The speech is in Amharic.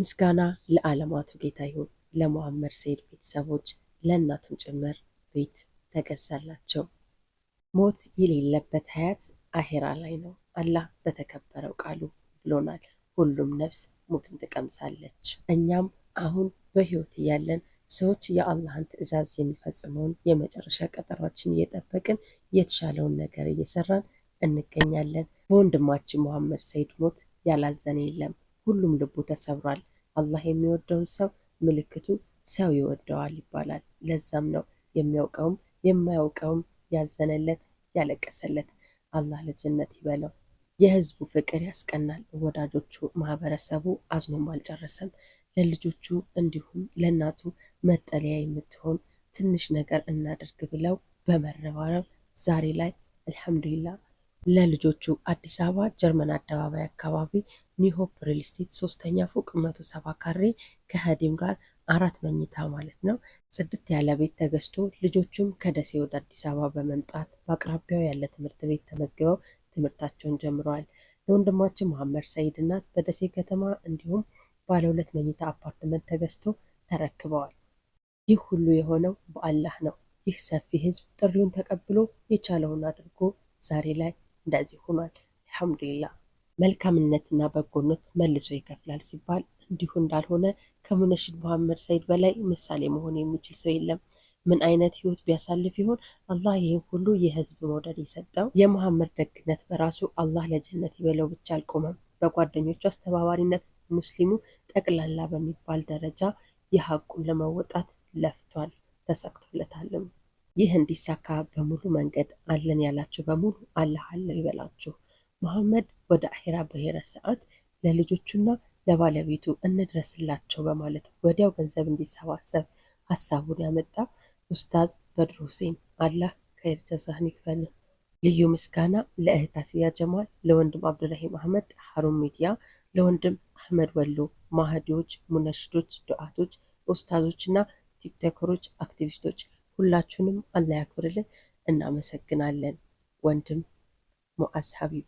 ምስጋና ለዓለማቱ ጌታ ይሁን። ለመሐመድ ሰይድ ቤተሰቦች ለእናቱም ጭምር ቤት ተገዛላቸው። ሞት የሌለበት ሀያት አሄራ ላይ ነው። አላህ በተከበረው ቃሉ ብሎናል፣ ሁሉም ነፍስ ሞትን ትቀምሳለች። እኛም አሁን በህይወት እያለን ሰዎች የአላህን ትዕዛዝ የሚፈጽመውን የመጨረሻ ቀጠሯችን እየጠበቅን የተሻለውን ነገር እየሰራን እንገኛለን። በወንድማችን መሐመድ ሰይድ ሞት ያላዘነ የለም። ሁሉም ልቡ ተሰብሯል። አላህ የሚወደውን ሰው ምልክቱ ሰው ይወደዋል ይባላል። ለዛም ነው የሚያውቀውም የማያውቀውም ያዘነለት ያለቀሰለት አላህ ለጀነት ይበለው። የህዝቡ ፍቅር ያስቀናል። ወዳጆቹ ማህበረሰቡ አዝኖም አልጨረሰም። ለልጆቹ እንዲሁም ለእናቱ መጠለያ የምትሆን ትንሽ ነገር እናደርግ ብለው በመረባረብ ዛሬ ላይ አልሐምዱሊላህ ለልጆቹ አዲስ አበባ ጀርመን አደባባይ አካባቢ ኒሆፕ ሪል ስቴት ሶስተኛ ፎቅ መቶ ሰባ ካሬ ከህዲም ጋር አራት መኝታ ማለት ነው። ጽድት ያለ ቤት ተገዝቶ ልጆቹም ከደሴ ወደ አዲስ አበባ በመምጣት በአቅራቢያው ያለ ትምህርት ቤት ተመዝግበው ትምህርታቸውን ጀምረዋል። ለወንድማችን መሐመድ ሰይድ እናት በደሴ ከተማ እንዲሁም ባለ ሁለት መኝታ አፓርትመንት ተገዝቶ ተረክበዋል። ይህ ሁሉ የሆነው በአላህ ነው። ይህ ሰፊ ህዝብ ጥሪውን ተቀብሎ የቻለውን አድርጎ ዛሬ ላይ እንደዚህ ሆኗል። አልሐምዱሊላ መልካምነትና በጎነት መልሶ ይከፍላል ሲባል እንዲሁ እንዳልሆነ ከሙነሽድ መሐመድ ሰይድ በላይ ምሳሌ መሆን የሚችል ሰው የለም። ምን አይነት ህይወት ቢያሳልፍ ይሆን አላህ ይህን ሁሉ የህዝብ መውደድ የሰጠው? የመሐመድ ደግነት በራሱ አላህ ለጀነት ይበለው ብቻ አልቆመም። በጓደኞቹ አስተባባሪነት ሙስሊሙ ጠቅላላ በሚባል ደረጃ የሀቁን ለመወጣት ለፍቷል፣ ተሳክቶለታልም። ይህ እንዲሳካ በሙሉ መንገድ አለን ያላችሁ በሙሉ አላህ አለው ይበላችሁ። መሐመድ ወደ አሄራ በሄረ ሰዓት ለልጆቹና ለባለቤቱ እንድረስላቸው በማለት ወዲያው ገንዘብ እንዲሰባሰብ ሀሳቡን ያመጣ ኡስታዝ በድር ሁሴን አላህ ከይር ጀዛህን ይክፈል። ልዩ ምስጋና ለእህታስያ ጀማል፣ ለወንድም አብዱራሂም አህመድ ሀሩን ሚዲያ፣ ለወንድም አህመድ ወሎ፣ ማህዲዎች፣ ሙነሽዶች፣ ዱዓቶች፣ ኡስታዞች እና ቲክቶከሮች፣ አክቲቪስቶች ሁላችሁንም አላህ ያክብርልን። እናመሰግናለን ወንድም ሙአዝ ሀቢብ።